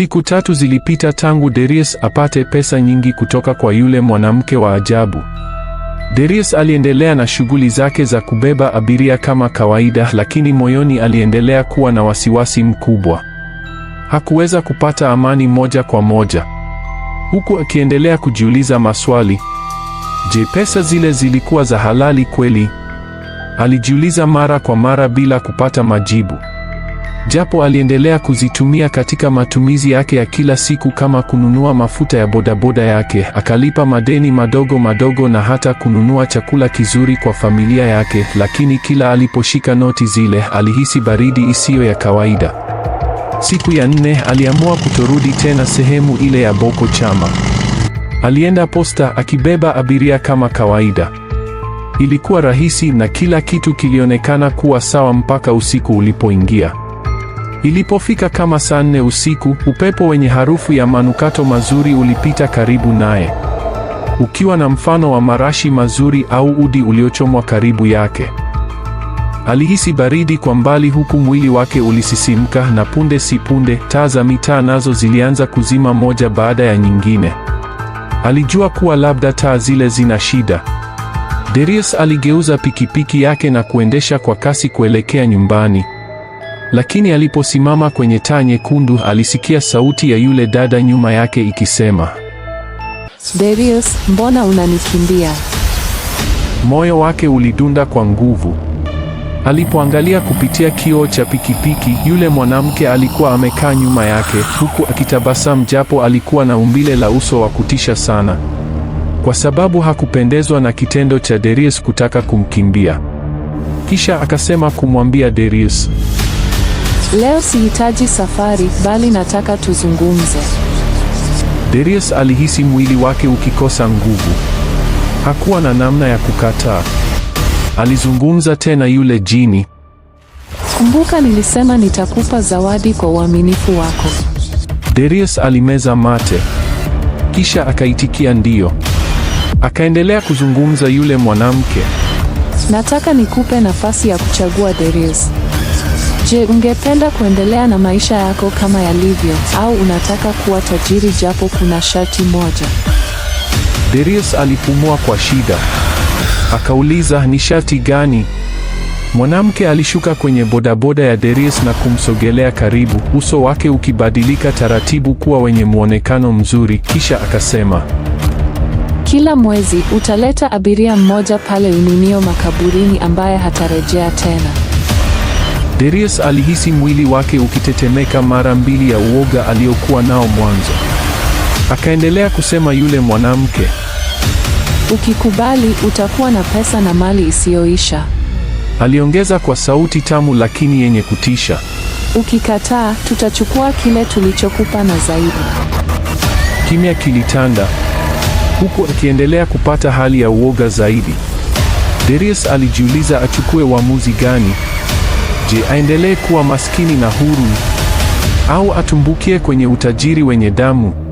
Siku tatu zilipita tangu Derius apate pesa nyingi kutoka kwa yule mwanamke wa ajabu. Derius aliendelea na shughuli zake za kubeba abiria kama kawaida, lakini moyoni aliendelea kuwa na wasiwasi mkubwa. Hakuweza kupata amani moja kwa moja, huku akiendelea kujiuliza maswali. Je, pesa zile zilikuwa za halali kweli? Alijiuliza mara kwa mara bila kupata majibu. Japo aliendelea kuzitumia katika matumizi yake ya kila siku kama kununua mafuta ya bodaboda yake, akalipa madeni madogo madogo na hata kununua chakula kizuri kwa familia yake, lakini kila aliposhika noti zile alihisi baridi isiyo ya kawaida. Siku ya nne aliamua kutorudi tena sehemu ile ya Boko Chama. Alienda posta akibeba abiria kama kawaida. Ilikuwa rahisi na kila kitu kilionekana kuwa sawa mpaka usiku ulipoingia. Ilipofika kama saa nne usiku, upepo wenye harufu ya manukato mazuri ulipita karibu naye, ukiwa na mfano wa marashi mazuri au udi uliochomwa karibu yake. Alihisi baridi kwa mbali huku mwili wake ulisisimka, na punde si punde taa za mitaa nazo zilianza kuzima moja baada ya nyingine. Alijua kuwa labda taa zile zina shida. Darius aligeuza pikipiki yake na kuendesha kwa kasi kuelekea nyumbani. Lakini aliposimama kwenye taa nyekundu, alisikia sauti ya yule dada nyuma yake ikisema, Darius, mbona unanikimbia? Moyo wake ulidunda kwa nguvu. Alipoangalia kupitia kioo cha pikipiki, yule mwanamke alikuwa amekaa nyuma yake huku akitabasamu, japo alikuwa na umbile la uso wa kutisha sana, kwa sababu hakupendezwa na kitendo cha Darius kutaka kumkimbia. Kisha akasema kumwambia Darius Leo sihitaji safari, bali nataka tuzungumze. Darius alihisi mwili wake ukikosa nguvu. Hakuwa na namna ya kukataa. Alizungumza tena yule jini. Kumbuka nilisema nitakupa zawadi kwa uaminifu wako. Darius alimeza mate. Kisha akaitikia ndiyo. Akaendelea kuzungumza yule mwanamke. Nataka nikupe nafasi ya kuchagua Darius. Je, ungependa kuendelea na maisha yako kama yalivyo au unataka kuwa tajiri japo kuna sharti moja? Derius alipumua kwa shida. Akauliza, ni sharti gani? Mwanamke alishuka kwenye bodaboda ya Derius na kumsogelea karibu, uso wake ukibadilika taratibu kuwa wenye muonekano mzuri, kisha akasema, kila mwezi utaleta abiria mmoja pale Ununio makaburini ambaye hatarejea tena. Darius alihisi mwili wake ukitetemeka mara mbili ya uoga aliokuwa nao mwanzo. Akaendelea kusema yule mwanamke, ukikubali utakuwa na pesa na mali isiyoisha, aliongeza kwa sauti tamu lakini yenye kutisha. Ukikataa tutachukua kile tulichokupa na zaidi. Kimya kilitanda huku akiendelea kupata hali ya uoga zaidi. Darius alijiuliza achukue uamuzi gani, Je, aendelee kuwa maskini na huru au atumbukie kwenye utajiri wenye damu?